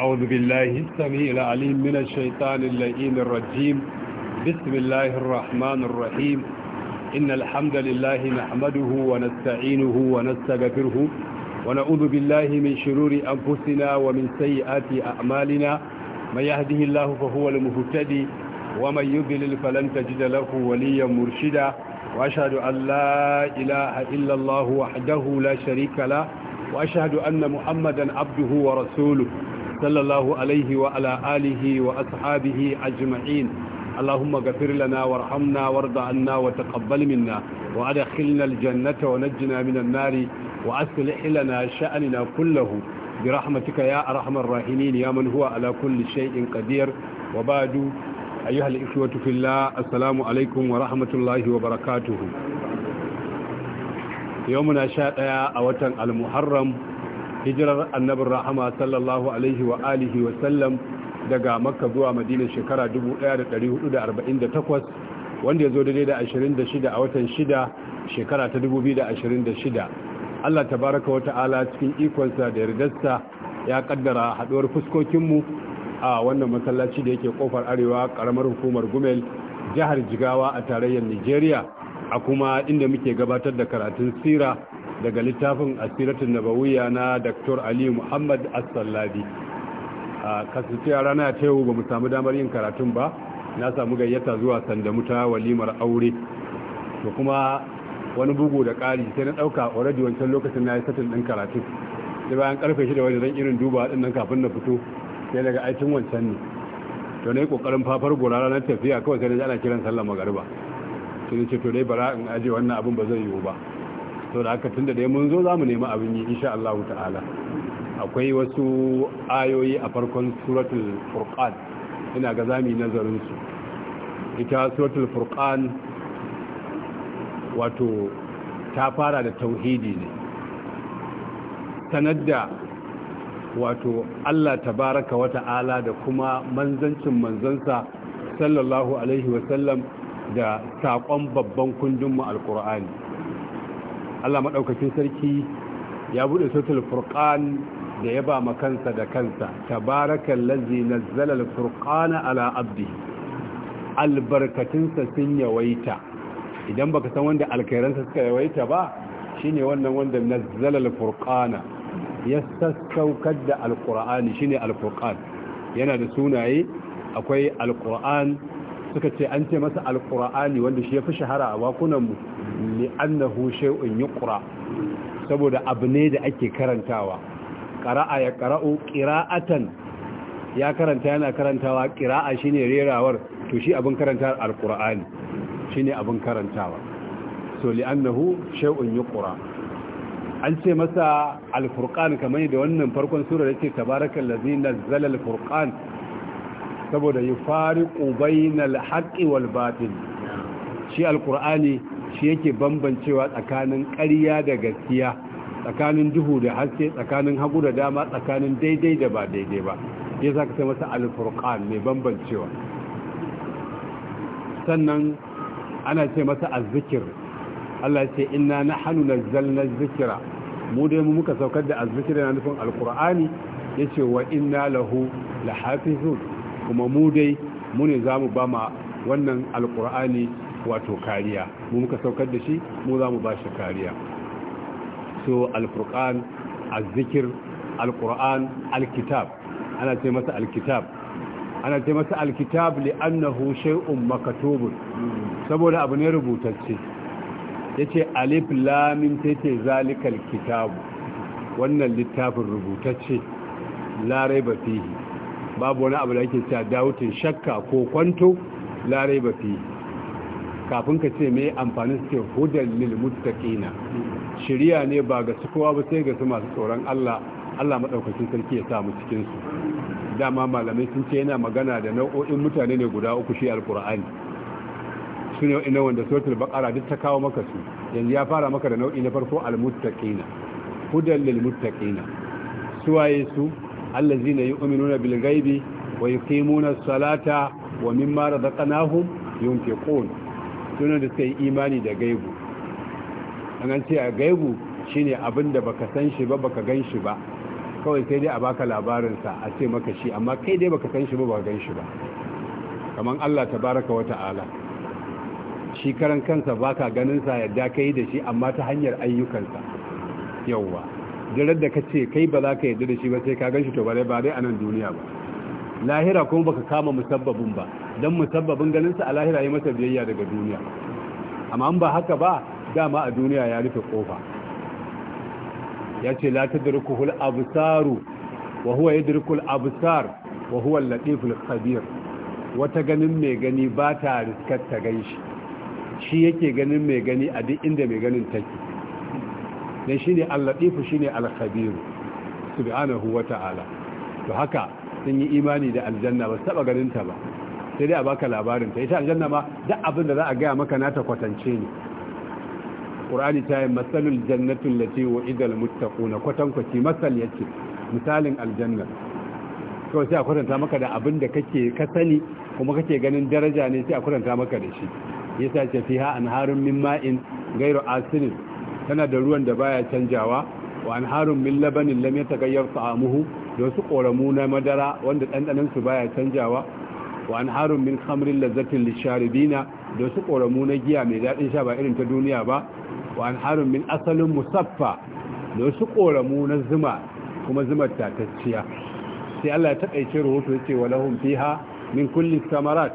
أعوذ بالله السميع العليم من الشيطان اللئيم الرجيم بسم الله الرحمن الرحيم إن الحمد لله نحمده ونستعينه ونستغفره ونعوذ بالله من شرور أنفسنا ومن سيئات أعمالنا من يهده الله فهو المهتدي ومن يضلل فلن تجد له وليا مرشدا وأشهد أن لا إله إلا الله وحده لا شريك له وأشهد أن محمدا عبده ورسوله sallallahu alaihi wa ala alihi wa ashabihi ajma'in allahumma ghafir lana warhamna warda anna wa taqabbal minna wa adkhilna aljannata wa najjina minan nari wa aslih lana sha'nana kullahu bi rahmatika ya arhamar rahimin ya man huwa ala kulli shay'in qadir wa ba'du ayyuha al-ikhwatu fillah assalamu alaikum wa rahmatullahi wa barakatuh sha 11 a watan al-muharram hijirar annabin rahama sallallahu alaihi wa alihi wa sallam daga makka zuwa madina shekara 1448 wanda ya zo da da 26 a watan 6 shekara ta 2026 Allah tabaraka wa ta'ala cikin ikonsa da yardarsa ya kaddara haduwar fuskokinmu a wannan masallaci da yake kofar arewa karamar hukumar gumel jihar jigawa a tarayyar nigeria a kuma inda muke gabatar da karatun sira daga littafin asiratun nabawiya na dr ali muhammad assallabi a kasance rana ta yau ba mu samu damar yin karatun ba na samu gayyata zuwa sanda muta walimar aure to kuma wani bugu da ƙari sai na ɗauka already wancan lokacin na yi satin ɗin karatun sai bayan karfe shida wajen zan irin duba ɗin nan kafin na fito sai daga aikin wancan ne to na yi ƙoƙarin fafar gora ranar tafiya kawai sai na ji ana kiran sallar magariba sai ce to dai bara in aje wannan abin ba zai yiwu ba sau da aka tunda dai mun zo za mu nemi abin yi insha Allah ta'ala akwai wasu ayoyi a farkon suratul furqan ina ga zami nazarin su ita suratul furqan wato ta fara da tauhidi ne sanar da wato Allah tabaraka wa ta'ala da kuma manzancin manzansa sallallahu alaihi wasallam da saƙon babban kundinmu alƙur'ani Allah maɗaukacin sarki ya buɗe suratul furqan da ya ba ma kansa da kansa Tabarakan lazi na zalal furqana ala abdi albarkacinsa sun yawaita idan baka san wanda alkairansa suka yawaita ba shine wannan wanda na zalal furqana ya sassaukar da alqur'ani shine al yana da sunaye akwai alqur'an suka ce an ce masa alqur'ani wanda shi ya fi shahara a bakunan mu li'annahu shay'un yuqra saboda abu ne da ake karantawa qara'a ya qara'u qira'atan ya karanta yana karantawa qira'a shine rerawar to shi abin karanta alqur'ani shine abin karantawa so li'annahu shay'un yuqra an ce masa alfurqan kamar da wannan farkon sura yake tabarakallazi nazzala alfurqan saboda yi fari ƙubai na alhaƙi walbatin shi alƙur'ani shi yake bambancewa tsakanin ƙarya da gaskiya tsakanin duhu da haske tsakanin hagu da dama tsakanin daidai da ba daidai ba ya za ka sai masa alfurkan mai bambancewa sannan ana ce masa azzikir Allah ce inna na hannu na zallar zikira mu dai mu muka saukar da azzikir yana nufin alkur'ani ya ce wa inna lahu la hafizu kuma mu dai mu ne za mu ba ma wannan alkur'ani wato kariya mu muka saukar da shi mu za mu ba shi kariya so Alkur'an, azikir, Alkur'an, alkitab ana ce masa alkitab ana ce masa alkitab li'annahu shay'un maktubun saboda abu ne rubutacce yace alif lam mim tace zalikal kitab wannan littafin rubutacce la raiba fihi babu wani abu da yake cewa dawutin shakka ko kwanto la raiba fihi kafin ka ce mai amfanin suke hudar lilmuttaqina shirya ne ba ga su kowa ba sai ga su masu tsoron Allah Allah madaukakin sarki ya samu cikinsu dama malamai sun ce yana magana da nau'o'in mutane ne guda uku shi alqur'ani su ne ina wanda suratul baƙara duk ta kawo maka su yanzu ya fara maka da nau'i na farko almuttaqina hudar su suwaye su allazina yi bil bilgaibi wa yuqimuna salata wa mimma razaqnahum yunfiqun sunan da suka yi imani da gaibu an ce a gaibu shine abin da baka san shi ba baka gan shi ba kawai sai dai a baka labarinsa a ce maka shi amma kai dai baka san shi ba baka gan shi ba kamar Allah tabaraka wa ta'ala shi karan kansa baka ganin sa yadda kai da shi amma ta hanyar ayyukansa yauwa dirar da ce kai ba za ka yadda da shi ba sai ka gan shi to dai ba dai a nan duniya ba lahira kuma baka kama musabbabin ba don musabbabin ganinsa a lahira ya masa biyayya daga duniya amma ba haka ba dama a duniya ya rufe kofa ya ce la al absaru wa huwa yadrukul absar wa huwa al-latiful khabir wata ganin mai gani ba ta riskar ta ganshi shi yake ganin mai gani a duk inda mai ganin take dan shine al latif shine al-khabir subhanahu wa ta'ala to haka sun yi imani da aljanna ba taba ganin ta ba sai dai a baka labarin ta ita aljanna ma duk abin da za a gaya maka na ta kwatance ne qur'ani ta yi masalul jannatu allati wa'idal muttaquna kwatankwaci masal yace misalin aljanna to sai a kwatanta maka da abin da kake ka sani kuma kake ganin daraja ne sai a kwatanta maka da shi yasa ce fiha anharun min ma'in ghayru asinin tana da ruwan da baya canjawa wa anharun min labanin lam yataghayyar ta'amuhu don su ƙoramu na madara wanda su baya canjawa wa an harun min khamrin lazzatin lisharibina don su ƙoramu na giya mai daɗin sha ba irin ta duniya ba wa an harun min asalin musaffa don su ƙoramu na zuma kuma zumar tatacciya sai Allah ya taƙaice rahoto ya ce wa lahum fiha min kulli samarat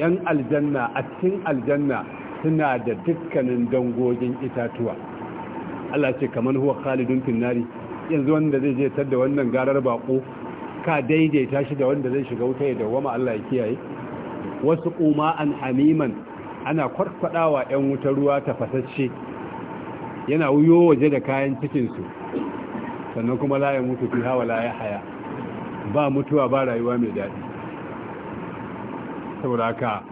yan aljanna a cikin aljanna suna da dukkanin dangogin itatuwa Allah ce kamar huwa khalidun finari. yanzu wanda zai je tar da wannan garar bako ka daidaita shi da wanda zai shiga wuta ya dawama Allah ya kiyaye wasu kuma an hamiman ana kwarkwadawa yan wuta ruwa tafasacce yana wuyo waje da kayan cikin su sannan kuma la ya mutu fi hawa la ya haya ba mutuwa ba rayuwa mai daɗi saboda ka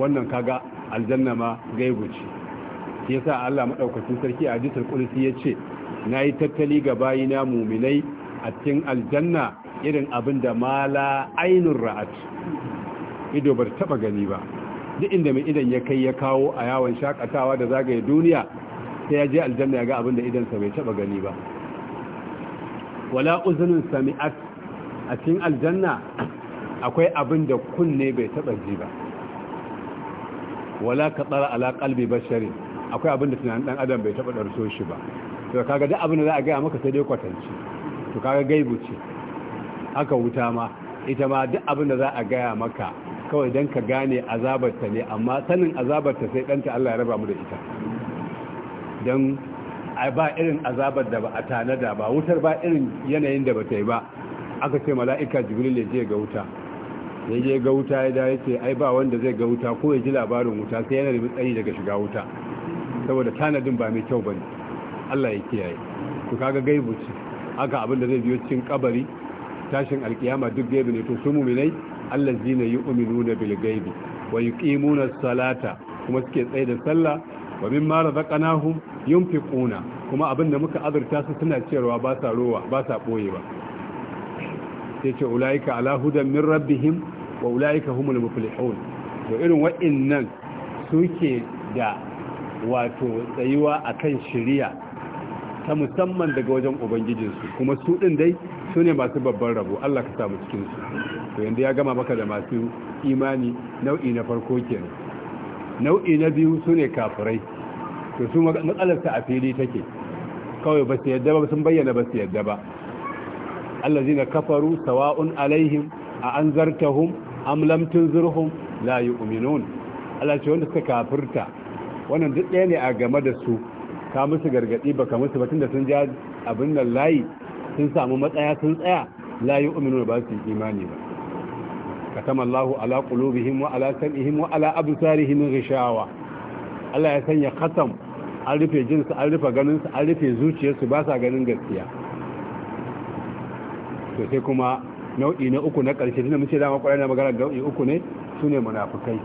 wannan kaga aljanna ma gaibuci ce shi yasa Allah madaukakin sarki a hadisul ya yace na yi tattali ga bayina muminai a cikin aljanna irin abin da mala ainihin ra'at ido bar taba gani ba duk inda mai idan ya kai ya kawo a yawon shakatawa da zagaye duniya sai ya je aljanna ya ga abin da idansa bai taba gani ba wala uzunin sami'at a cikin aljanna akwai abin da kunne bai taba ji ba wala katsara ala kalbi bashari akwai abin da tunanin ɗan adam bai taba ɗarso shi ba to kaga duk abin da za a gaya maka sai dai kwatanci to kaga gaibu ce haka wuta ma ita ma duk abin da za a gaya maka kawai don ka gane azabarta ne amma sanin azabarta sai ɗanta Allah ya raba mu da ita don ba irin azabar da ba a tanada ba wutar ba irin yanayin da ba ta yi ba aka ce mala'ika jibril ya je ga wuta ya je ga wuta ya da yake ai ba wanda zai ga wuta ko ya ji labarin wuta sai yana da matsayi daga shiga wuta saboda tanadin ba mai kyau ba ne Allah ya kiyaye to kaga gaibu ce haka abin da zai biyo cikin kabari tashin alkiyama duk gaibu ne to su mu'minai allazina yu'minuna bil gaibi wa yuqimuna salata kuma suke tsaye da sallah wa mimma razaqnahum yunfiquna kuma abin da muka azurta su suna cewa ba sa rowa ba sa boye ba sai ce ulaika ala hudan min rabbihim wa ulaika humul muflihun to irin wa'innan suke da wato tsayuwa akan shari'a ta musamman daga wajen ubangijinsu kuma su ɗin dai su ne masu babban rabo Allah ka samu cikinsu to yanda ya gama maka da masu imani nau'i na farko kenan nau'i na biyu su ne kafirai to su matsalarsa a fili take kawai ba su yadda ba sun bayyana ba su yadda ba zina kafaru sawa'un alaihim a an anzartahum am lam tunzirhum la yu'minun Allah ce wanda suka kafirta wannan duk ɗaya ne a game da su ka musu gargadi baka musu batun da sun ja abin nan layi sun samu matsaya sun tsaya la yu'minu ba su imani ba katam Allahu ala qulubihim wa ala sam'ihim wa ala absarihim ghishawa Allah ya sanya khatam an rufe jinsu an rufe ganinsu an rufe zuciyarsu ba sa ganin gaskiya to sai kuma nau'i na uku na ƙarshe tunda mun ce dama ƙwarai na magana nau'i uku ne su ne munafukai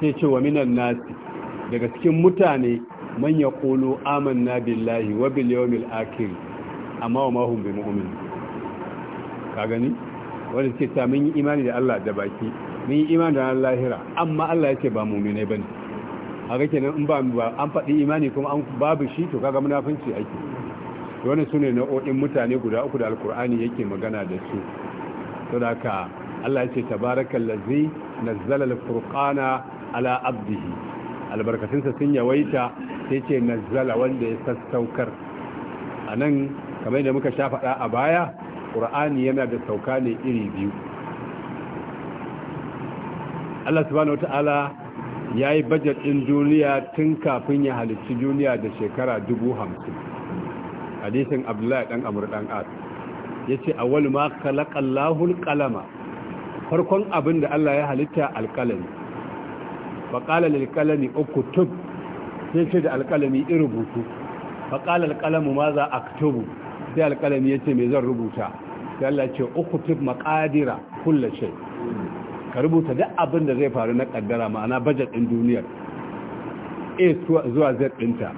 sai ce wa minan nasi daga cikin mutane man yaqulu amanna billahi wa bil yawmil akhir amma wa ma hum bi mu'min ka gani wanda ce ta mun yi imani da Allah da baki mun yi imani da lahira amma Allah yake ba mu'mine bane haka kenan in ba an faɗi imani kuma an babu shi to kaga munafinci ake wannan sune odin mutane guda uku da alkur'ani yake magana da su to ka Allah ya ce tabarakallazi nazzala al-furqana ala abdihi sa sun yawaita sai ce nazala wanda ya sassaukar a nan kamar da muka sha faɗa a baya ƙur'ani yana da sauka ne iri biyu Allah subhanahu wata'ala ya yi bajet ɗin duniya tun kafin ya halicci duniya da shekara dubu hamsin hadisin abdullahi ɗan amur ɗan as ya ce awal ma kalaƙallahun ƙalama farkon abin da Allah ya halitta alƙalami faƙala alƙalami uktub sai ce da alƙalami in rubutu faƙala alƙalamu ma za aktubu sai alƙalami ya ce me zan rubuta sai Allah ce uktub maqadira kullu shay ka rubuta duk abin da zai faru na kaddara ma'ana bajet ɗin duniyar a zuwa z ɗinta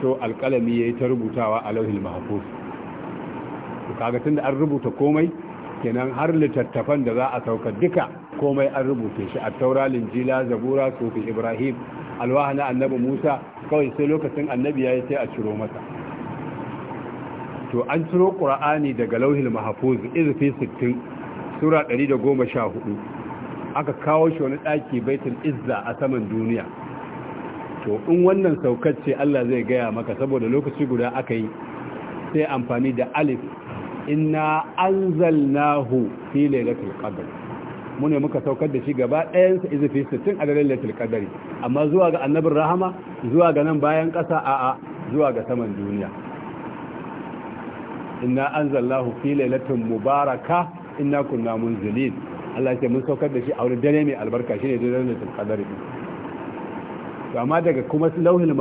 so alƙalami yayi ta rubutawa a lauhil mahfuz kaga da an rubuta komai kenan har littattafan da za a sauka duka komai an rubuta shi a taura linjila zabura sufi ibrahim alwaha na annabi musa kawai sai lokacin annabi ya yi sai a ciro masa to an ciro ƙura'ani daga lauhil mahafuz izufi 60 sura 114 aka kawo shi wani ɗaki baitul izza a saman duniya to in wannan saukar ce allah zai gaya maka saboda lokaci guda aka yi sai amfani da alif inna anzalnahu fi lailatul qadr mu ne muka saukar da shi gaba ɗayansa izifi sittin a dalilin laitul kadari amma zuwa ga annabin rahama zuwa ga nan bayan ƙasa a zuwa ga saman duniya inna anzallahu fi lailatin mubaraka ina kunna munzilin Allah ya ce mun saukar da shi a wani dare mai albarka shine dalilin laitul kadari amma daga kuma lauhin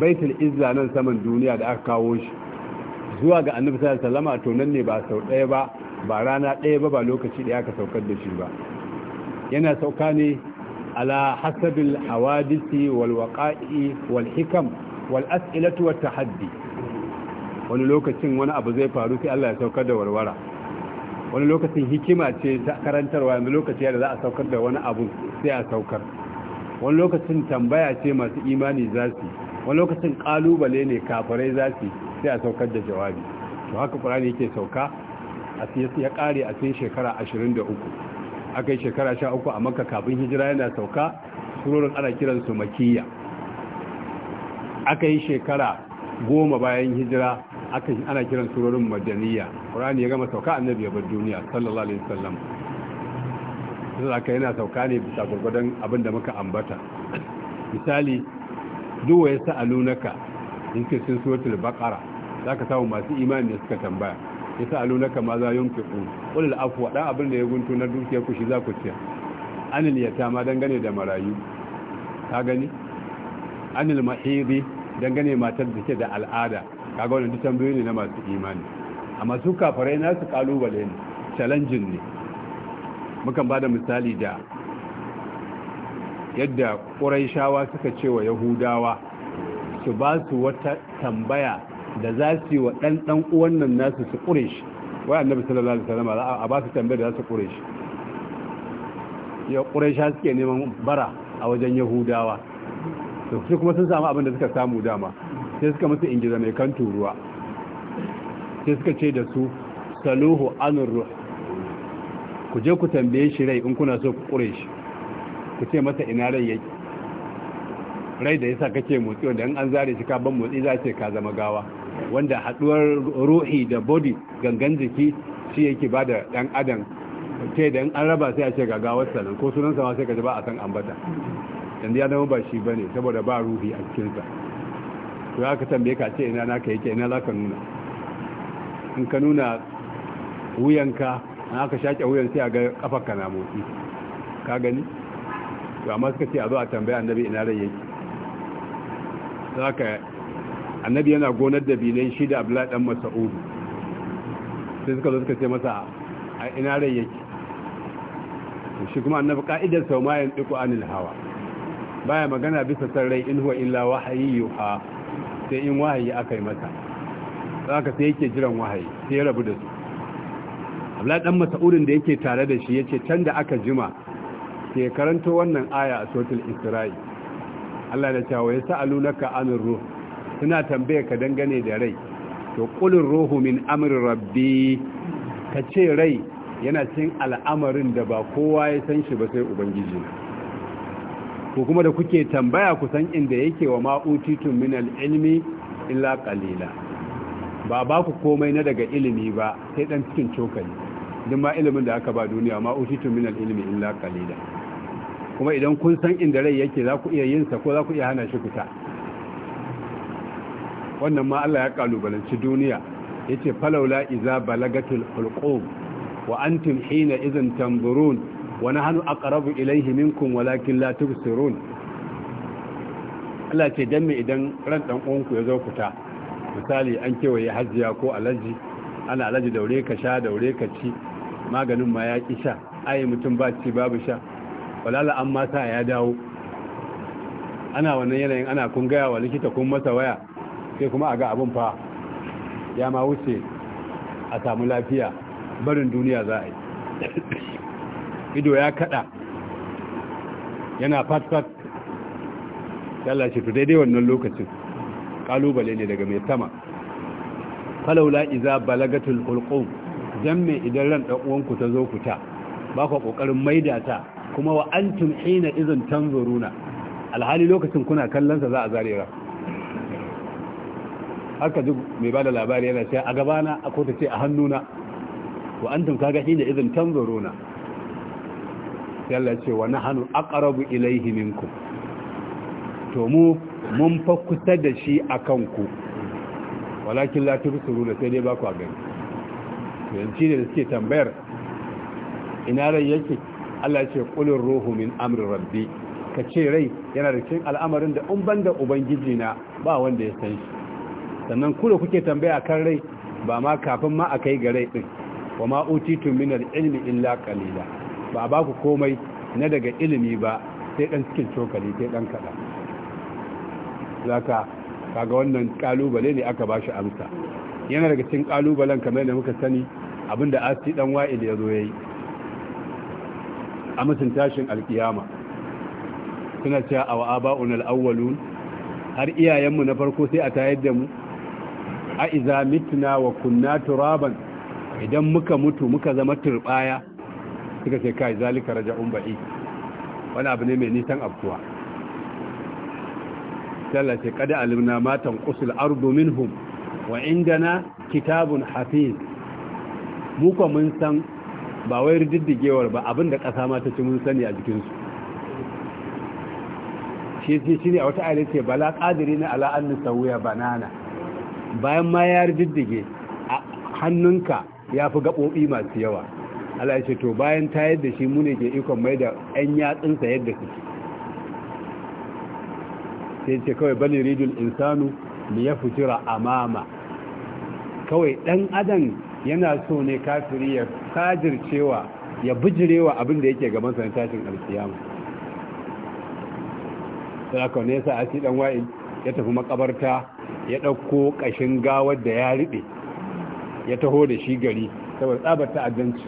baitul izza saman duniya da aka kawo shi zuwa ga annabi sallallahu alaihi wasallam to nan ne ba sau ɗaya ba ba rana ɗaya ba ba lokaci da ka saukar da shi ba yana sauka ne ala hasabil hawadisi wal waqa'i wal hikam wal as'ilatu wat tahaddi wani lokacin wani abu zai faru sai Allah ya saukar da warwara wani lokacin hikima ce ta karantarwa yanzu lokaci da za a saukar da wani abu sai a saukar wani lokacin tambaya ce masu imani za su wani lokacin kalubale ne kafirai za su sai a saukar da jawabi to haka qur'ani yake sauka ya kare a sai shekara 23 aka yi shekara 13 a maka kafin hijira yana sauka surorin ana kiransu makiyya aka yi shekara goma bayan hijira aka ana kiran surorin madaniya ƙurani ya gama sauka annabi ya bar duniya sallallahu alaihi wasallam sai aka yana sauka ne bisa gurgudan abin da muka ambata misali duwa ya sa'alunaka in ce sun suratul baqara zaka samu masu imani ne suka tambaya aluna ma za yunfiqu qul afwa dan abin da ya guntu na dukiya ku shi za ku ciya anil yatama dangane da marayu ka gani anil mahidi dangane matar da ke da al'ada kaga wannan duk tambayoyi ne na masu imani amma su kafare na su kalubale ne challenging ne mukan bada misali da yadda ƙuraishawa suka ce wa yahudawa su ba su wata tambaya da za su yi wa ɗan ɗan uwan nan nasu su ƙure shi wai annabi sallallahu alaihi wasallam a ba su tambayar da za su ƙure shi ya ƙure shi suke neman bara a wajen yahudawa to su kuma sun samu abin da suka samu dama sai suka musu ingiza mai kan turuwa sai suka ce da su saluhu anur ruh ku je ku tambaye shi rai in kuna so ku ƙure shi ku ce masa ina rai yake rai da yasa kake motsi wanda in an zare shi ka ban motsi za ce ka zama gawa wanda haduwar ruhi da body gangan jiki shi yake ba da dan adam ke da an raba sai a ce ga gawar sanan ko sunan sama sai ka ji ba a san ambata yanzu ya zama ba shi bane saboda ba ruhi a cikin sa to ya ka tambaye ka ce ina naka yake ina zaka nuna in ka nuna wuyanka an aka shaƙe wuyan sai a ga ka na motsi ka gani to amma suka ce a zo a tambaye annabi ina rai yake za ka annabi yana gonar da binai shi da abdullahi dan mas'ud sai suka zo suka ce masa a ina rai yake shi kuma annabi ka'idar sau ma yan diku anil hawa baya magana bisa sarrai rai in huwa illa wahayi yuha sai in wahayi aka yi masa zaka sai yake jiran wahayi sai ya rabu da su abdullahi dan masa'udin da yake tare da shi yace can da aka jima ke karanto wannan aya a suratul isra'i Allah ya da cewa ya ka anir ruh suna tambaye ka dangane da rai to qulur ruhu min amri rabbi ka ce rai yana cin al'amarin da ba kowa ya san shi ba sai ubangiji ko kuma da kuke tambaya ku san inda yake wa ma'utitun min al illa qalila ba ba ku komai na daga ilimi ba sai dan cikin cokali din ma ilimin da aka ba duniya ma'utitun min al illa qalila kuma idan kun san inda rai yake za ku iya yin sa ko za ku iya hana shi fita wannan ma Allah ya kalubalanci duniya Ya yace falawla iza balagatil hulqum wa antum hina idhan tanzurun wa nahnu aqrabu ilayhi minkum walakin la tubsirun Allah ce dan me idan ran dan ya zo kuta misali an kewaye hajjiya ko alaji ana alaji daure ka sha daure ka ci maganin ma ya ƙi sha ai mutum ba ci babu sha walala an mata ya dawo ana wannan yanayin ana kun gaya wa likita kun masa waya sai kuma a ga abin fa ya ma wuce a samu lafiya barin duniya za a yi ido ya kada yana fat-fat yalla shi to daidai wannan lokacin kalubale ne daga mai sama falaula iza balagatul ulqum dan mai idan ran dan uwanku ta zo ku ta ba ƙoƙarin mai maida ta kuma wa'antun ina izin tanzoruna alhali lokacin kuna kallonsa za a zare Harka duk mai da labari yana cewa a gabana a kota ce a hannuna wa tun kaga izin idan na yalla ce wa nahnu aqrabu ilayhi minkum to mu mun fa kusa da shi akan ku walakin la da sai dai ba ku gani yanzu ne da suke tambayar ina rai yake Allah ya ce ƙulin ruhu min amri rabbi ka ce rai yana da cikin al'amarin da in banda ubangiji na ba wanda ya san shi sannan kula kuke tambaya kan rai ba ma kafin ma a kai ga rai din wa ma utitu min ilmi illa kalila ba ba ku komai na daga ilimi ba sai ɗan cikin cokali sai ɗan kada zaka kaga wannan kalubale ne aka ba shi amsa yana daga cikin kalubalen kamar da muka sani abinda asi ɗan wa'il ya zo yi a mutum tashin alkiyama suna cewa a aba'un al-awwalun har iyayenmu na farko sai a tayar da mu a iza mitna wa kunna turaban idan muka mutu muka zama turbaya suka ce kai zalika raja'un ba'i wani abu ne mai nisan abuwa sallah ce kada alimna matan qusul ardu minhum wa indana kitabun hafiz mu ko mun san ba wai riddigewar ba abinda kasa ma ta ci mun sani a jikin su shi shi ne a wata ayar bala qadirina ala an nusawiya banana bayan ma ya jiddige hannunka ya fi gaɓoɓi masu yawa Allah ce to bayan ta yadda shi mu ke ikon mai da 'yan yatsunsa yadda suke sai ce kawai bane rijin insanu ne ya fi jira a mama kawai ɗan adam yana so ne kafiri ya kajircewa ya bijirewa abin da yake gaban sanin tashin alkiyama sai aka ya sa ci dan wai ya tafi makabarta ya ɗauko ƙashin gawar da ya riɗe ya taho da shi gari saboda tsabar ta'addanci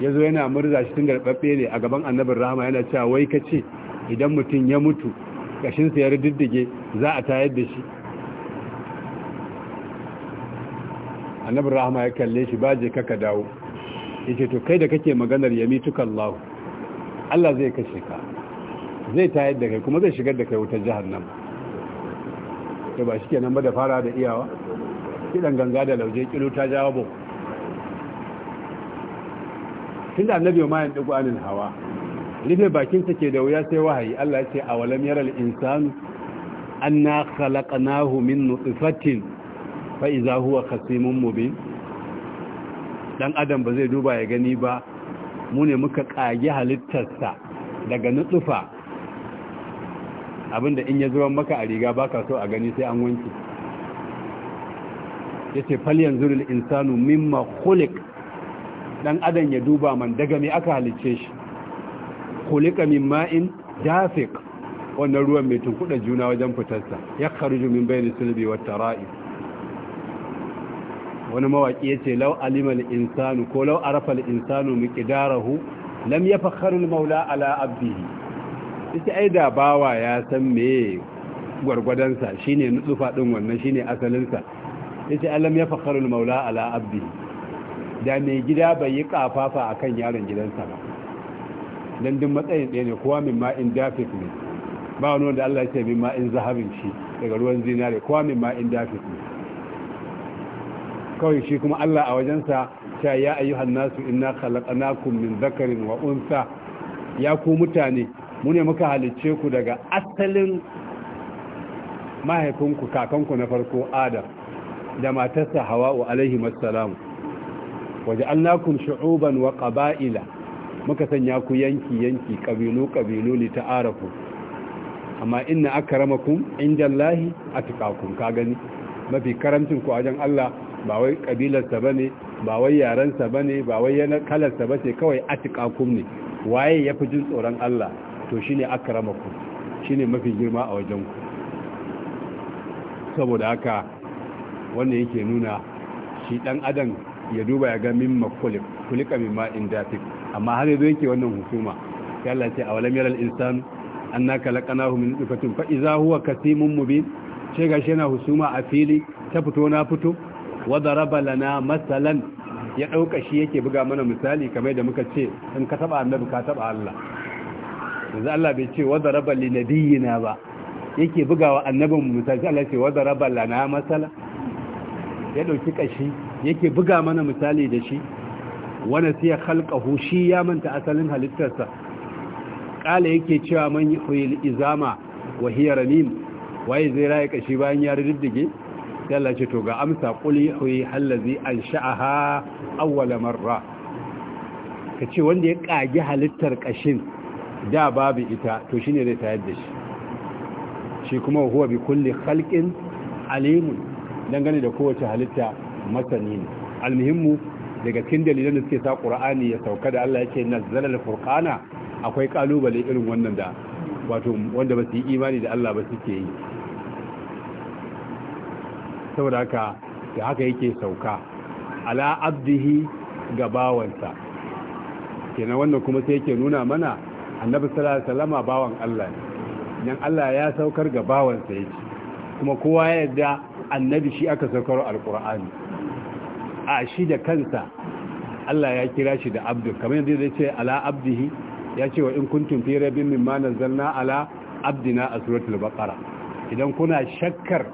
ya zo yana murza shi tun da ɓaɓɓe ne a gaban annabin rahama yana cewa wai ka ce idan mutum ya mutu ƙashinsa ya riddige za a tayar da shi annabin rahama ya kalle shi ba je kaka dawo ya ce to kai da kake maganar ya mitukan allah zai kashe ka zai tayar da kai kuma zai shigar da kai wutar jihar nan to ba shi kenan ba da fara da iyawa kidan ganga da lauje kilo ta jawo ba tunda annabi ma yan dugu anin hawa rufe bakin sa ke da wuya sai wahayi Allah ya ce awalam yaral insan anna khalaqnahu min nutfatin fa idza huwa khasimun mubin dan adam ba zai duba ya gani ba mu ne muka kage halittarsa daga nutfa Abin da in ya zuwa maka a riga baka so a gani sai an wanke yace fal yanzu lil insanu mimma Kulik dan adam ya duba man daga mai aka halicce shi Kulika min ma'in dafiq wannan ruwan mai tunkuda juna wajen fitarsa ya kharuju min bayan sulbi wata ra'i. wani mawaƙi ya ce lau alimal insanu ko arafal arafa al insanu miqdarahu lam ya al maula ala abdihi ita ai da bawa ya san meye gwargwadonsa shine nutsufa din wannan shine asalinsa yace alam ya fakharul maula ala abdi da mai gida bai yi kafafa akan yaron gidansa ba dan din matsayin ɗaya ne kowa min in dafik ne ba wani wanda Allah ya ce min in zahabin shi daga ruwan zinare kowa min in dafik ne kawai shi kuma Allah a wajensa ta ya ayyuhan nasu inna khalaqnakum min dhakarin wa unsa ya ku mutane mu ne muka halicce ku daga asalin mahaifinku kakanku na farko adam da matarsa hawa'u alaihi masalamu waje allakun shu'uban wa ƙaba'ila muka sanya ku yanki yanki ƙabilu ƙabilu ne ta arafu. amma aka rama inna akramakum indallahi atqakum ka gani mafi karamcin ku wajen Allah ba wai kabilarsa ne, ba wai yarensa ne, ba wai kalarsa ce kawai atqakum ne waye ya fi jin tsoron Allah to shine akramakum shine mafi girma a wajen ku saboda haka wannan yake nuna shi dan adam ya duba ya ga min makulik kulika mimma indafik amma har yanzu yake wannan hukuma ya Allah ce awalam yaral insan anna khalaqnahu min nutfatin fa idza huwa kasimun mubin ce shi yana husuma a fili ta fito na fito wa daraba lana masalan ya dauka shi yake buga mana misali kamar da muka ce in ka taba annabi ka taba Allah yanzu Allah bai ce wa daraba li nabiyina ba yake bugawa annabin mu misali Allah ce wa daraba lana masala ya dauki kashi yake buga mana misali da shi sai nasiya khalqahu shi ya manta asalin halittarsa ƙala yake cewa man yuhil izama wa hiya waye zai raye kashi bayan ya riddige yalla ce to ga amsa quli huyi allazi ansha'aha awwala marra kace wanda ya kage halittar ƙashin. da babu ita to shine zai tayar da shi shi kuma huwa bi kulli khalqin alimun dangane da kowace halitta masani ne almuhimmu daga cikin dalilan da suke sa qur'ani ya sauka da Allah yake nazzala al-furqana akwai kalubale irin wannan da wato wanda ba su yi imani da Allah ba suke yi saboda haka da haka yake sauka ala abdihi gabawansa. bawansa kenan wannan kuma sai yake nuna mana annabi sallallahu alaihi wasallama bawan Allah ne dan Allah ya saukar ga bawansa yake kuma kowa ya yarda annabi shi aka saukar alqur'ani a shi da kansa Allah ya kira shi da abdu kamar yadda ya ce ala abdihi ya ce wa in kuntum fi rabbin mimma nazzalna ala abdina a baqara idan kuna shakkar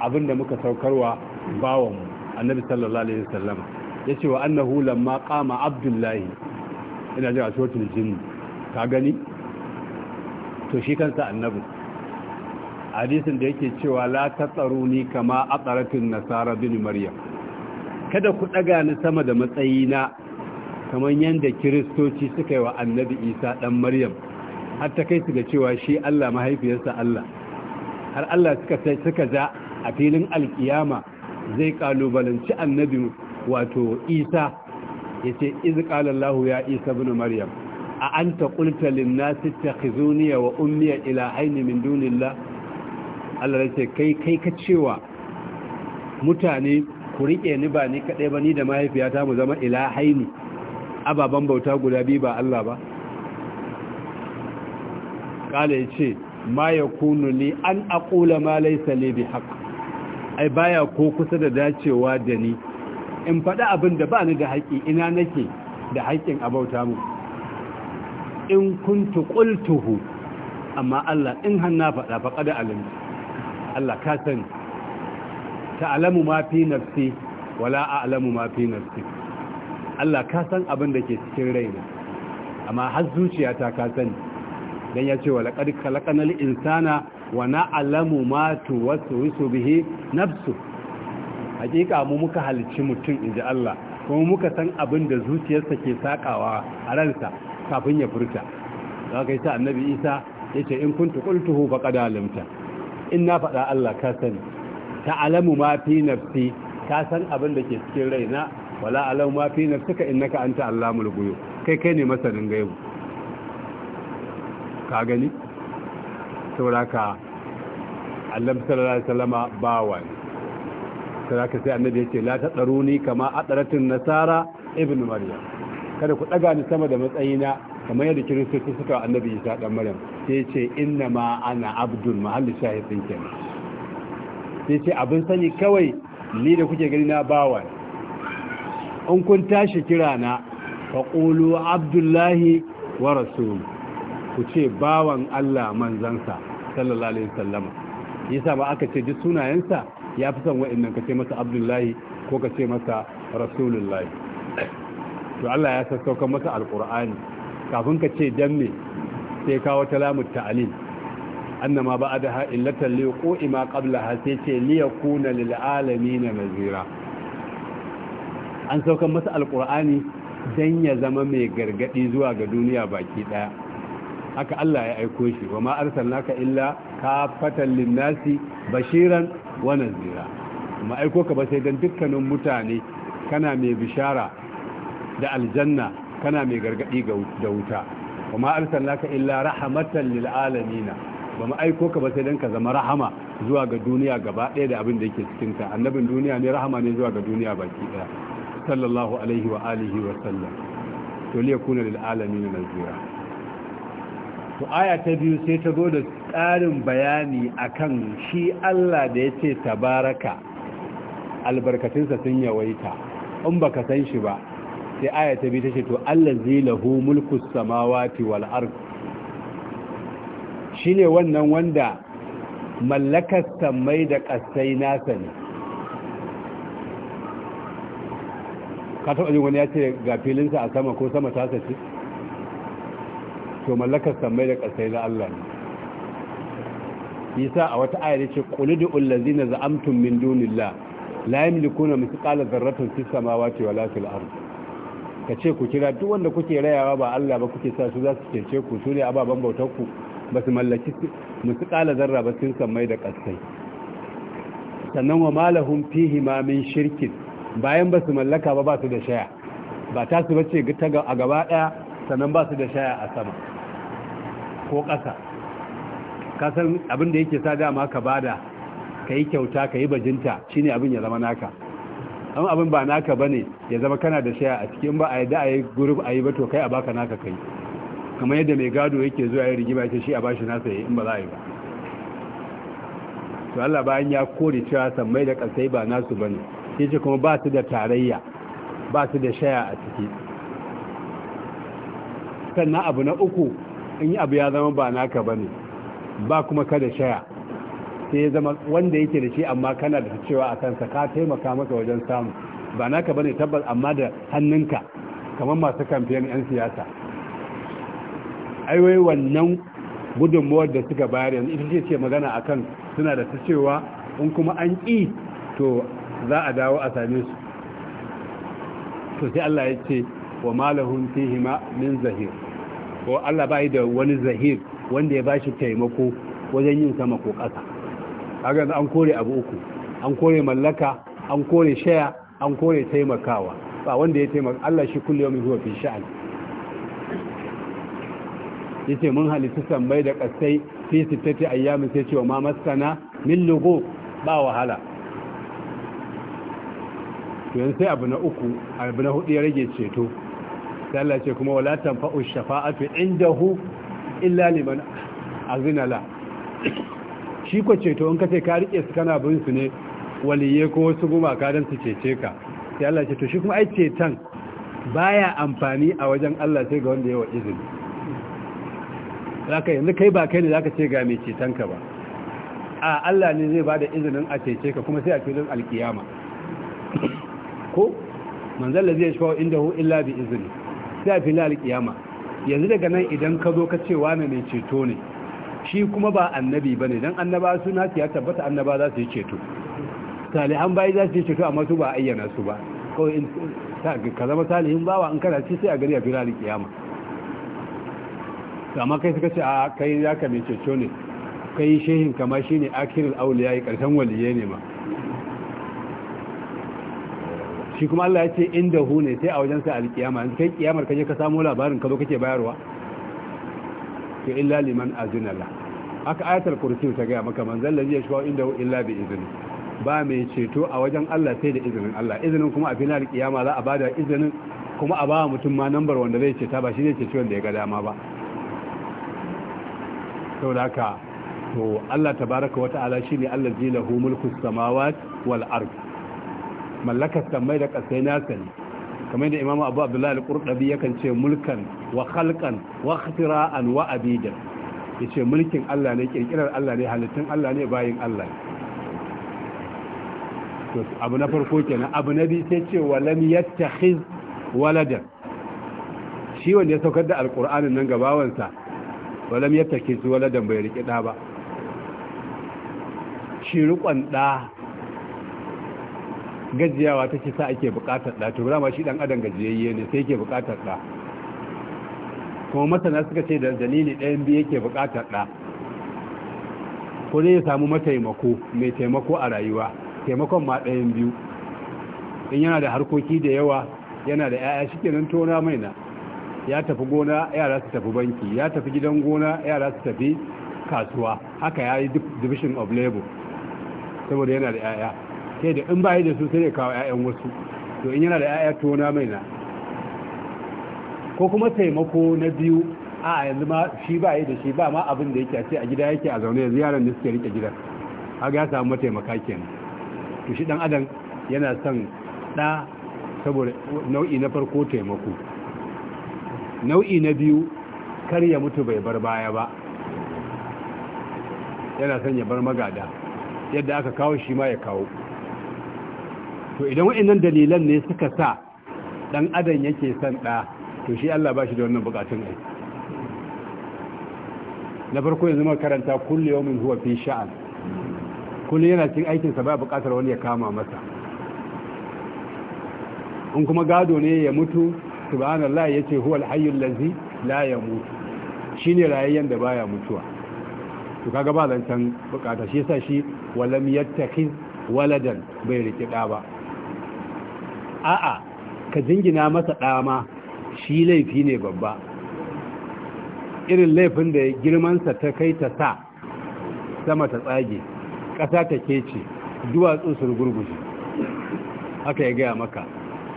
abinda muka saukarwa bawon annabi sallallahu alaihi wasallam yace wa annahu lamma qama abdullahi ina ji a suratul jinni ka gani to shi kansa annabi hadisin da yake cewa la tatsaruni kama a tsarafin nasara bin maryam kada ku ɗaga ni sama da matsayina kamar yadda kiristoci suka yi wa annabi isa dan maryam har ta kai su ga cewa shi Allah mahaifiyarsa Allah har Allah suka za ja a filin alkiyama zai kalubalanci annabi wato isa yace izi qala ya isa bin maryam a an ta ƙulta linnasi ta khizuniya wa ummiya ila haini min dunillah Allah ce kai kai ka cewa mutane ku riƙe ni ba ni kaɗai ba ni da mahaifiyata mu zama ila haini ababen bauta guda biyu ba Allah ba ƙala ya ce ma ya kunu an aƙula ma laisa ne bi haka ai baya ko kusa da dacewa da ni in faɗa abin da ba ni da haƙi ina nake da haƙin abauta mu in kuntu qultuhu amma Allah in hanna faɗa faqad alim Allah ka sani ta'lamu ma fi nafsi wala a'lamu ma fi nafsi Allah ka san abin da ke cikin raina amma har zuciyata ka sani dan ya ce wala qad khalaqnal insana wa na'lamu ma tuwaswisu bihi nafsu hakika mu muka halicci mutum inji Allah kuma muka san abin da zuciyarsa ke sakawa a ransa kafin ya furta za ka yi sa annabi isa ya ce in kuntu qultuhu faqad alimta in na faɗa Allah ka sani ta'alamu ma fi nafsi ka san abin da ke cikin raina wala alamu ma fi ka innaka anta allamul ghuyub kai kai ne masanin gaibu ka gani saboda ka annabi sallallahu alaihi wasallama bawa ne saboda sai annabi ya ce la tadaruni kama tsaratin nasara ibnu maryam kada ku daga ni sama da matsayina kamar yadda kiristoci suka wa annabi isa dan maryam sai ce inna ma ana abdul mahalli shahid din kenan sai ce abin sani kawai ni da kuke gani na bawa in kun tashi kira na fa qulu abdullahi wa rasul ku ce bawan Allah manzansa sallallahu alaihi wasallam yasa ba aka ce duk sunayensa ya fi son wa'annan ka ce masa abdullahi ko ka ce masa rasulullahi to Allah ya sassauka masa Alƙur'ani kafin ka ce dan me sai kawo talamu ta'lil annama ba'adaha illatan li ma qablaha sai ce li yakuna lil alamin nazira an sauka masa Alƙur'ani dan ya zama mai gargadi zuwa ga duniya baki daya haka Allah ya aiko shi wa ma arsalnaka illa kafatan linnasi bashiran wa nazira ma aiko ka ba sai dan dukkanin mutane kana mai bishara da aljanna kana mai gargadi da wuta kuma arsalnaka illa rahmatan lil alamin ba mu aiko ka ba sai dan ka zama rahama zuwa ga duniya gaba ɗaya da abin da yake cikin ta annabin duniya ne rahama ne zuwa ga duniya baki ɗaya sallallahu alaihi wa alihi wa sallam to liya kuna lil alamin nazira to aya ta biyu sai ta zo da ƙarin bayani akan shi Allah da yace tabaraka albarkatunsa sun yawaita in baka san shi ba sai aya ta biyu ce to allazi lahu mulku samawati wal ard shine wannan wanda mallakar samai da kasai nasa ne ka taɓa jin wani ya ce ga filinsa a sama ko sama ta sace to mallakar samai da kasai na Allah ne yasa a wata aya ce qulidu na za'amtum min dunillah la yamlikuna mithqala dharratin fis samawati wala fil ard ka ce ku kira duk wanda kuke rayawa ba Allah ba kuke sa su za su cece ku su ne ababen bautar ku ba su mallaki musu kala zarra ba sun san mai da kasai sannan wa malahum fihi ma min shirkin bayan ba su mallaka ba ba su da shaya ba ta su bace ga a gaba daya sannan ba su da shaya a sama ko kasa ka san abin da yake sa dama ka bada kai kyauta ka bajinta shine abin ya zama naka amma abin ba naka bane ya zama kana da shaya a cikin ba a yi da a yi a yi ba to kai a baka naka kai kamar yadda mai gado yake zuwa ya rigima ce shi a bashi nasa ya in ba za a yi ba to Allah bayan ya kore cewa sammai da kasai ba nasu bane sai ce kuma ba su da tarayya ba su da shaya a ciki sannan abu na uku in yi abu ya zama ba naka bane ba kuma kada shaya sai ya zama wanda yake da shi amma kana da cewa a kansa ka taimaka masa wajen samu ba naka bane tabbas amma da hannunka kamar masu kamfiyan 'yan siyasa aiwai wannan gudunmuwar da suka bayar yanzu ita ce magana akan suna da ta cewa in kuma an ƙi to za a dawo a same su to sai Allah ya ce wa malahun fihima min zahir ko Allah bai da wani zahir wanda ya ba shi taimako wajen yin sama ko ƙasa kaga an kore abu uku an kore mallaka an kore shaya an kore taimakawa ba wanda ya taimaka Allah shi kulle yau mai fi sha'an ya ce mun halittu sammai da kasai fi sittati ayyami sai cewa ma masana min lugo ba wahala yanzu sai abu na uku abu na hudu ya rage ceto sai Allah ce kuma wala tanfa'u shafa'atu indahu illa liman azina la shi ko ceto in ka ce ka rike su kana bin su ne waliye ko wasu gumaka don su cece ka sai Allah ce to shi kuma ai cetan baya amfani a wajen Allah sai ga wanda yawa izini zaka yanzu kai ba kai ne zaka ce ga mai ceton ka ba a Allah ne zai bada izinin a cece ka kuma sai a filin alkiyama ko manzon da zai shawo inda hu illa bi izini sai a filin alkiyama yanzu daga nan idan ka zo ka ce wani mai ceto ne shi kuma ba annabi bane dan annaba suna ya tabbata annaba za su yi ceto talihan bayi za su yi ceto amma su ba a ayyana su ba kawai in ka zama salihin bawa in kana ci sai a gari a fira kiyama amma kai suka ce a kai za ka mai ne kai shehin kama shi ne akirin auliya yi karshen waliye ne ma shi kuma Allah ya ce inda hu ne sai a wajen sa alkiyama kai kiyamar kaje ka samu labarin ka zo kake bayarwa to illa liman azinala aka ayatul kursi ta ga maka manzal ladhi yashfa inda hu illa bi izni ba mai ceto a wajen Allah sai da izinin Allah izinin kuma a finar kiyama za a bada izinin kuma a ba mutum ma nambar wanda zai ceta ba shi ne ceci wanda ya ga dama ba sau da haka to Allah tabaraka wa ta'ala ne Allah ji lahu mulku samawat wal ard mallakar samai da kasai nasa ne kamar da imamu abu abdullahi al-qurdabi yakan ce mulkan wa khalqan wa ikhtira'an wa abidan yace mulkin Allah ne kirkirar Allah ne halittun Allah ne bayin Allah ne to abu na farko kenan abu na biyu sai ce lam yattakhiz walada shi wanda ya saukar da alqur'anin nan gabawansa walam yattakhiz waladan bai rike da ba shi rikon da gajiyawa take sa ake bukatar da to ma shi dan adam gajiyayye ne sai yake bukatar da kuma masana suka ce da dalili ɗayan biyu yake bukatar da ko zai ya samu mataimako mai taimako a rayuwa taimakon ma ɗayan biyu in yana da harkoki da yawa yana da 'ya'ya shi kenan tona mai na ya tafi gona yara su tafi banki ya tafi gidan gona yara su tafi kasuwa haka ya yi division of labor saboda yana da 'ya'ya sai da in ba da su sai ya kawo 'ya'yan wasu to in yana da 'ya'ya tona mai na ko kuma taimako na biyu a yanzu ma shi ba yi da shi ba ma abin da yake a ce a gida yake a zaune yanzu yaran da suke rike gidan ga ya samu mataimaka kenan to shi dan adam yana son da saboda nau'i na farko taimako nau'i na biyu kar ya mutu bai bar baya ba yana son ya bar magada yadda aka kawo shi ma ya kawo to idan wa'annan dalilan ne suka sa dan adam yake son da to shi Allah ba shi da wannan bukatun ai na farko yanzu makaranta kulle yawmin huwa fi sha'an kullum yana cin aikinsa ba buƙatar wani ya kama masa in kuma gado ne ya mutu subhanallah ya ce huwal hayyul ladzi la yamut shine rayayyen da baya mutuwa to kaga ba zancan buƙata shi yasa shi walam yattakhiz waladan bai rike da ba a'a ka jingina masa ɗama. shi laifi ne babba irin laifin da girmansa ta kai ta sa sama ta tsage ƙasa ta kece duwatsu sun gurguje haka ya gaya maka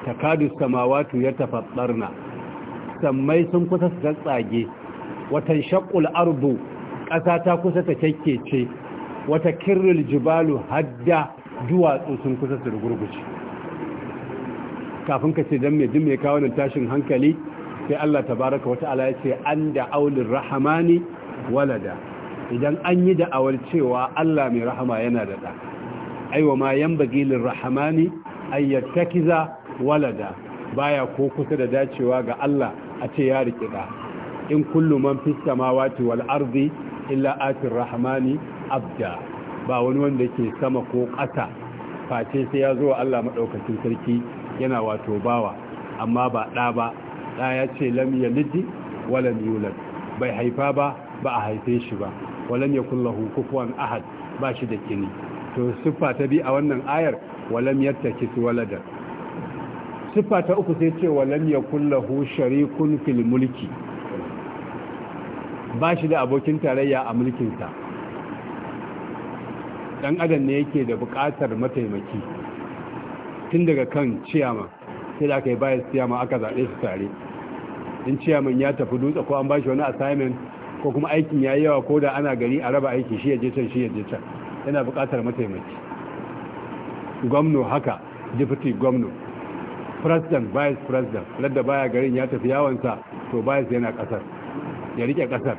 takadu samawatu ya tafaɗarna sammai sun kusa su tsage, watan shakul arbu ƙasa ta kusa ta kekece wata kirril jibalu hadda duwatsu sun kusa su gurguje kafin ka ce don mai jin mai kawo tashin hankali sai Allah ta baraka wata ala ya ce an da aulin rahamani walada idan an yi da'awar cewa Allah mai rahama yana da ɗa aiwa ma yan bagilin rahamani ayyattakiza walada baya ko kusa da dacewa ga Allah a ce ya riƙi ɗa in kullu man ma wati wal arzi illa atir rahmani abda ba wani wanda ke sama ko ƙasa face sai ya zo Allah maɗaukacin sarki yana wato bawa amma ba ɗa ba ɗa ya ce lam yalidi wa yulad bai haifa ba ba a haife shi ba walan yakul lahu kufuwan ahad ba shi da kini to siffa ta bi a wannan ayar walam yattaki walada siffa ta uku sai ce walam yakul lahu sharikun fil mulki ba shi da abokin tarayya a mulkin mulkinsa dan adam ne yake da buƙatar mataimaki tun daga kan ciyama sai da aka yi bayan ciyama aka zaɓe su tare in ciyaman ya tafi dutse ko an ba shi wani assignment ko kuma aikin ya yi yawa ko da ana gari a raba aiki shi ya je can shi ya je can yana buƙatar mataimaki gwamno haka deputy gwamno president vice president ladda baya garin ya tafi yawansa to vice yana ƙasar ya rike ƙasar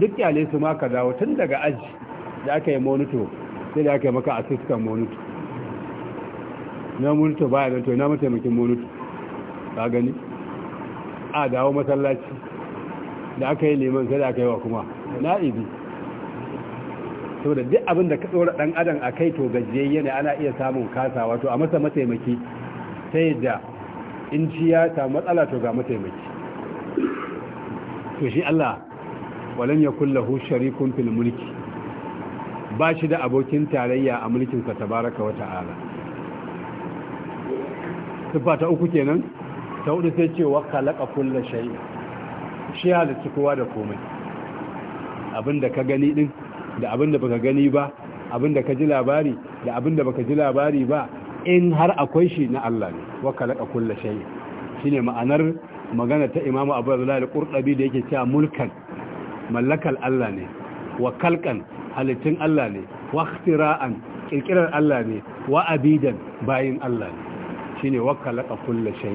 duk kyale su ma ka dawo tun daga aji da aka yi monito sai da aka yi maka asistan monito na monito baya nan to na mataimakin monito ka gani a dawo masallaci da aka yi neman sai da aka yi wa kuma na'ibi da duk abin da ka tsora dan adam a kai to gajiyayye ne ana iya samun kasa wato a masa mataimaki sai da in ci ya samu matsala to ga mataimaki to shi Allah walam ya kulle sharikun fil mulki ba shi da abokin tarayya a mulkin mulkinsa tabaraka wa ta'ala sifata ta uku kenan ta hudu sai ce wa khalaqa kulla shay'in shi halitta kowa da komai abinda ka gani din da abinda baka gani ba abinda ka ji labari da abinda baka ji labari ba in har akwai shi na Allah ne wa kalaka kullu shay shine ma'anar magana ta Imam Abu Abdullah al-Qurtubi da yake cewa mulkan mallakal Allah ne wa kalkan halittun Allah ne wa ikhtira'an kirkirar Allah ne wa abidan bayin Allah ne shine wa kalaka kullu shay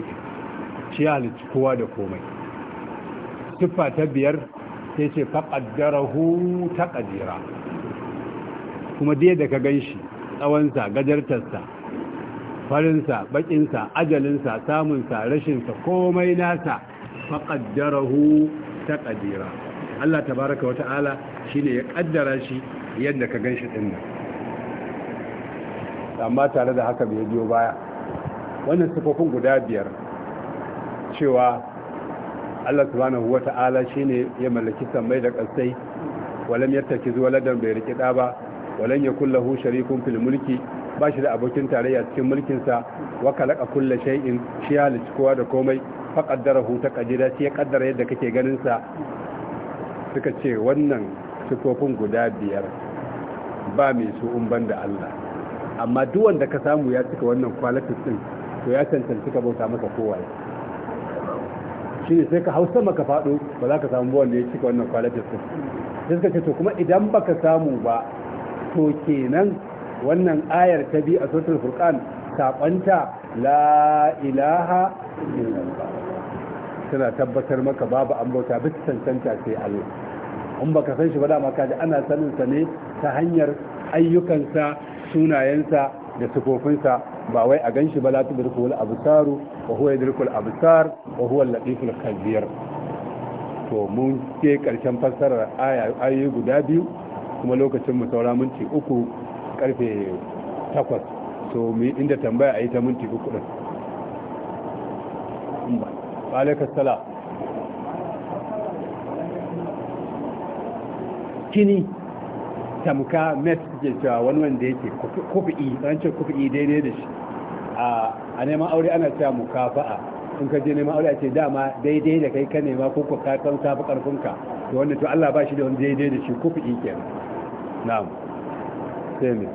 shi halitta kowa da komai tuffa ta biyar sai ce faƙaddarahu ta ƙadira kuma dai da ka gan shi tsawonsa gajartarsa farinsa baƙinsa ajalinsa samunsa rashinsa komai nasa faƙaddarahu ta ƙadira Allah tabaraka wa ta'ala shi ne ya ƙaddara shi yadda ka gan shi ɗin amma tare da haka bai biyo baya wannan sifofin guda biyar cewa Allah subhanahu wata'ala shine ya mallaki sammai da ƙasai walam yattaki waladan bai riki da ba walam yakul lahu sharikun fil mulki ba shi da abokin tarayya cikin mulkin sa wa kalaka kulla shay'in shi halicci kowa da komai fa qaddarahu taqdira shi ya kaddara yadda kake ganin sa suka ce wannan sifofin guda biyar ba mai su umban da Allah amma duk wanda ka samu ya cika wannan qualities din to ya cancanci ka bauta masa kowa shi sai ka hausa maka faɗo ba za ka samu wanda ya cika wannan kwalitis su sai suka ce to kuma idan baka samu ba to kenan wannan ayar ta bi a sautar furkan saƙonta la ilaha tana tabbatar maka babu an bauta bisa cancanta sai Allah in baka san shi ba dama kaji ana sanin sa ne ta hanyar ayyukansa sunayensa da sifofinsa ba wai a ganshi ba la wal absaru wa huwa yudrikul absar wa huwa al-latiful khabir to mun ke karshen fassarar ayi guda biyu kuma lokacin mu saura minti uku karfe takwas to mu inda tambaya a yi ta minti uku din alaikar sala kini tamka met ke cewa wani wanda yake kufi'i e, an ce kufi'i e daidai da shi a neman aure ana cewa mukafa'a in ka je neman aure a ce dama daidai da kai ka nema ko ka kan safi karfinka to wanda to Allah ba shi da wani daidai da shi kufi'i e kenan na'am sai ne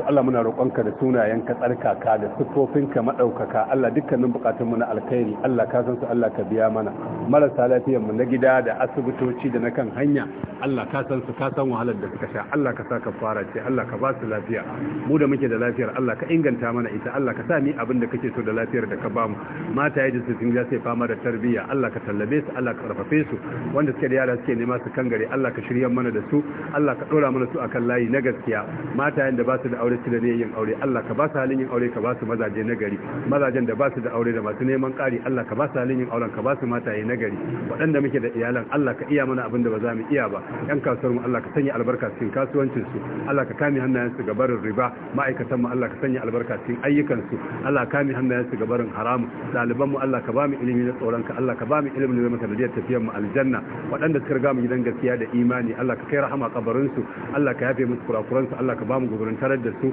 to Allah muna roƙonka da sunayenka tsarkaka da siffofinka maɗaukaka Allah dukkanin bukatunmu na alkhairi Allah ka san su Allah ka biya mana marasa lafiyar mu na gida da asibitoci da na kan hanya Allah ka san su ka san wahalar da suka sha Allah ka saka fara ce Allah ka ba su lafiya mu da muke da lafiyar Allah ka inganta mana ita Allah ka sa ni abin da kake so da lafiyar da ka ba mu mata yaji su sun sai fama da tarbiyya Allah ka tallabe su Allah ka karfafe su wanda suke da yara suke nema su kangare Allah ka shirya mana da su Allah ka dora mana su akan layi na gaskiya mata da ba su da aure su da ne yin aure Allah ka ba su halin yin aure ka ba su mazaje na gari mazajen da ba su da aure da masu neman ƙari Allah ka ba su halin yin auren ka ba su mataye na gari waɗanda muke da iyalan Allah ka iya mana abin da ba za mu iya ba yan kasuwar mu Allah ka sanya albarka cikin kasuwancin su Allah ka kame hannayen su ga barin riba ma'aikatan mu Allah ka sanya albarka cikin ayyukan su Allah ka kame hannayen su ga barin haramu daliban mu Allah ka ba mu ilimi na tsoron ka Allah ka ba mu ilimin da zama sanadiyar tafiyar mu aljanna waɗanda suka riga mu gidan gaskiya da imani Allah ka kai rahama kabarin su Allah ka yafe musu kurakuran su Allah ka ba mu guburin tarar da da su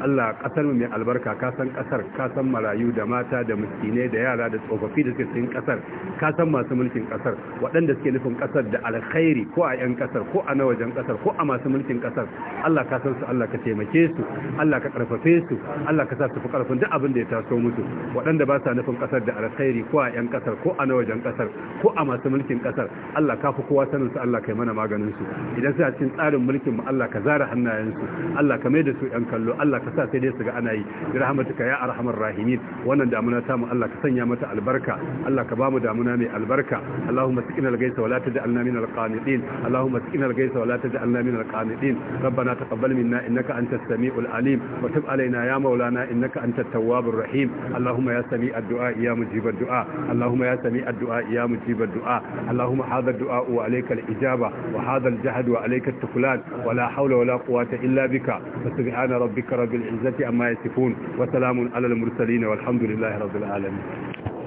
Allah kasar mu mai albarka kasan kasar kasan marayu da mata da miskinai da yara da tsofaffi da suke cikin kasar kasan masu mulkin kasar waɗanda suke nufin kasar da alkhairi ko a yan kasar ko a na wajen kasar ko a masu mulkin kasar Allah ka san su Allah ka taimake su Allah ka karfafe su Allah ka sa su fi karfin duk abin da ya taso musu waɗanda ba sa nufin kasar da alkhairi ko a yan kasar ko a na wajen kasar ko a masu mulkin kasar Allah ka fi kowa sanin su Allah kai mana maganin su idan suna cikin tsarin mulkin mu Allah ka zara hannayen su Allah ka mai da su yan kallo Allah ka sa sai dai su ga ana yi rahmatuka ya arhamar rahimin wannan damuna ta mu Allah ka sanya mata albarka Allah ka bamu damuna mai albarka Allahumma sikina al-gaisa wa la taj'alna min al-qanitin Allahumma sikina al-gaisa wa la taj'alna min al-qanitin ربنا تقبل منا إنك أنت السميع العليم وتب علينا يا مولانا إنك أنت التواب الرحيم اللهم يا سميع الدعاء يا مجيب الدعاء اللهم يا سميع الدعاء يا مجيب الدعاء اللهم هذا الدعاء وعليك الإجابة وهذا الجهد وعليك التكلان ولا حول ولا قوة إلا بك فسبحان سبحان ربك رب العزة أما يسفون وسلام على المرسلين والحمد لله رب العالمين